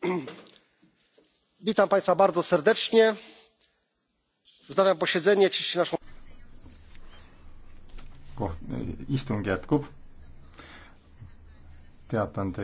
witam państwa bardzo serdecznie wznawiam posiedzenie cieszę się naszą e, istung jätkub teatan teile